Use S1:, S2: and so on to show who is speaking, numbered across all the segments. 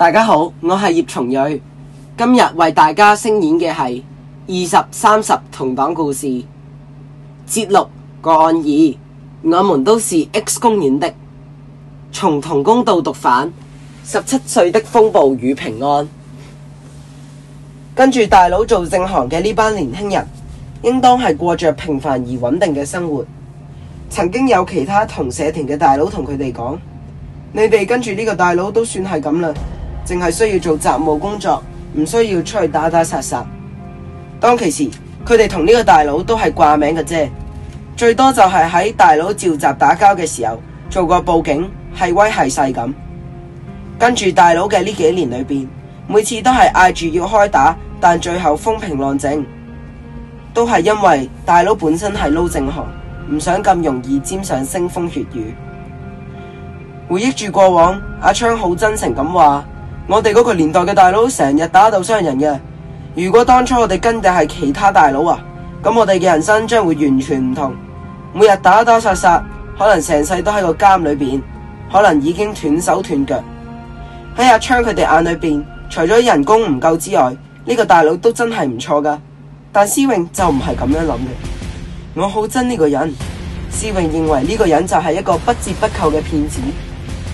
S1: 大家好，我係葉松叡，今日為大家聲演嘅係《二十三十童黨故事》節錄個案二，我們都是 X 公園的，從童工到毒販，十七歲的風暴與平安。跟住大佬做正行嘅呢班年輕人，應當係過着平凡而穩定嘅生活。曾經有其他同社團嘅大佬同佢哋講：「你哋跟住呢個大佬都算係咁啦。」淨係需要做雜務工作，唔需要出去打打殺殺。當其時，佢哋同呢個大佬都係掛名嘅啫，最多就係喺大佬召集打交嘅時候做過報警，係威係勢咁。跟住大佬嘅呢幾年裏邊，每次都係嗌住要開打，但最後風平浪靜，都係因為大佬本身係撈正行，唔想咁容易沾上腥風血雨。回憶住過往，阿昌好真誠咁話。我哋嗰個年代嘅大佬成日打鬥傷人嘅。如果當初我哋跟嘅係其他大佬啊，咁我哋嘅人生將會完全唔同。每日打打殺殺，可能成世都喺個監裏邊，可能已經斷手斷腳。喺阿昌佢哋眼裏邊，除咗人工唔夠之外，呢、這個大佬都真係唔錯噶。但思永就唔係咁樣諗嘅。我好憎呢個人。思永認為呢個人就係一個不折不扣嘅騙子，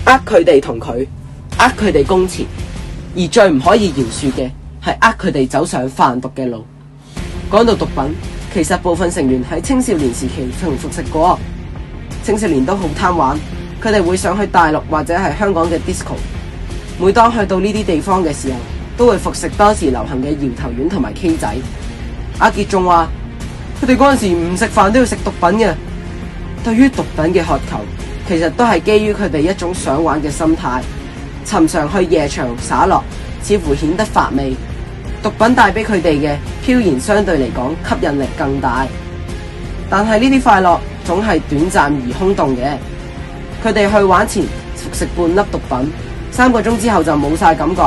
S1: 呃佢哋同佢，呃佢哋工錢。而最唔可以饒恕嘅係呃佢哋走上販毒嘅路。講到毒品，其實部分成員喺青少年時期曾服食過。青少年都好貪玩，佢哋會想去大陸或者係香港嘅 disco。每當去到呢啲地方嘅時候，都會服食當時流行嘅搖頭丸同埋 K 仔。阿杰仲話：佢哋嗰陣時唔食飯都要食毒品嘅。對於毒品嘅渴求，其實都係基於佢哋一種想玩嘅心態。尋常去夜場耍樂，似乎顯得乏味。毒品帶俾佢哋嘅飄然相對嚟講吸引力更大。但係呢啲快樂總係短暫而空洞嘅。佢哋去玩前服食半粒毒品，三個鐘之後就冇晒感覺。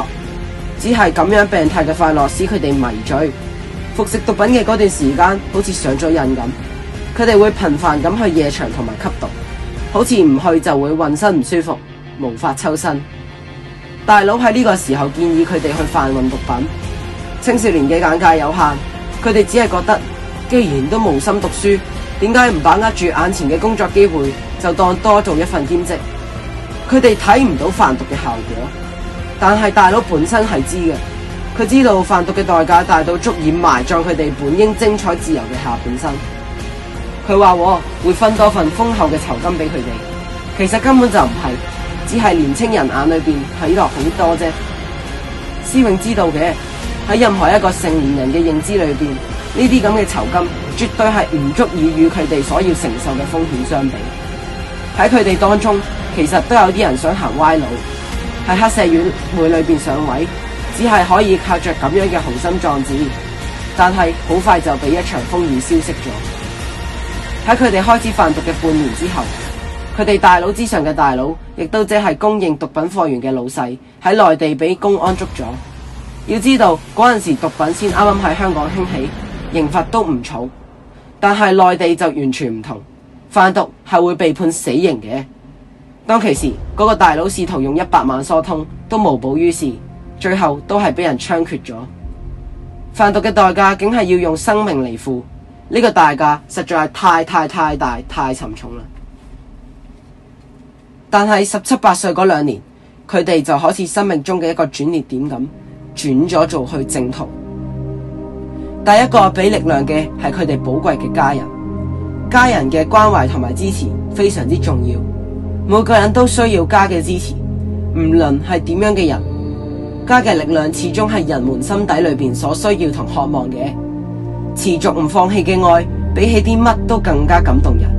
S1: 只係咁樣病態嘅快樂使佢哋迷醉。服食毒品嘅嗰段時間好似上咗癮咁，佢哋會頻繁咁去夜場同埋吸毒，好似唔去就會渾身唔舒服，無法抽身。大佬喺呢個時候建議佢哋去販運毒品。青少年嘅眼界有限，佢哋只係覺得既然都無心讀書，點解唔把握住眼前嘅工作機會，就當多做一份兼職。佢哋睇唔到販毒嘅效果，但係大佬本身係知嘅，佢知道販毒嘅代價大到足以埋葬佢哋本應精彩自由嘅下半生。佢話，我會分多份豐厚嘅酬金俾佢哋，其實根本就唔係。只係年青人眼裏邊睇落好多啫。思穎知道嘅，喺任何一個成年人嘅認知裏邊，呢啲咁嘅酬金絕對係唔足以與佢哋所要承受嘅風險相比。喺佢哋當中，其實都有啲人想行歪路，喺黑社會裏邊上位，只係可以靠着咁樣嘅雄心壯志，但係好快就俾一場風雨消失咗。喺佢哋開始販毒嘅半年之後。佢哋大佬之上嘅大佬，亦都即係供應毒品貨源嘅老細，喺內地俾公安捉咗。要知道嗰陣時毒品先啱啱喺香港興起，刑罰都唔重，但係內地就完全唔同，販毒係會被判死刑嘅。當其時，嗰個大佬試圖用一百萬疏通，都無補於事，最後都係俾人槍決咗。販毒嘅代價，竟係要用生命嚟付，呢個代價實在係太太太大、太沉重啦。但係十七八歲嗰兩年，佢哋就好似生命中嘅一個轉捩點咁，轉咗做去正途。第一個俾力量嘅係佢哋寶貴嘅家人，家人嘅關懷同埋支持非常之重要。每個人都需要家嘅支持，無論係點樣嘅人，家嘅力量始終係人們心底裏邊所需要同渴望嘅。持續唔放棄嘅愛，比起啲乜都更加感動人，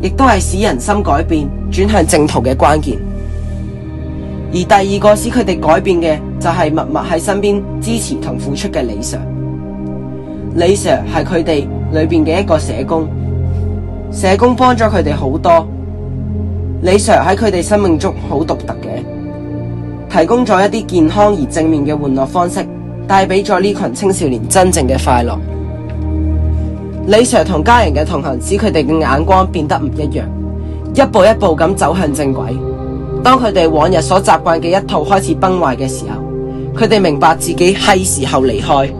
S1: 亦都係使人心改變轉向正途嘅關鍵，而第二個使佢哋改變嘅就係默默喺身邊支持同付出嘅李 Sir。李 Sir 係佢哋裏邊嘅一個社工，社工幫咗佢哋好多。李 Sir 喺佢哋生命中好獨特嘅，提供咗一啲健康而正面嘅玩樂方式，帶俾咗呢群青少年真正嘅快樂。李 Sir 同家人嘅同行，使佢哋嘅眼光變得唔一樣。一步一步咁走向正軌，當佢哋往日所習慣嘅一套開始崩壞嘅時候，佢哋明白自己係時候離開。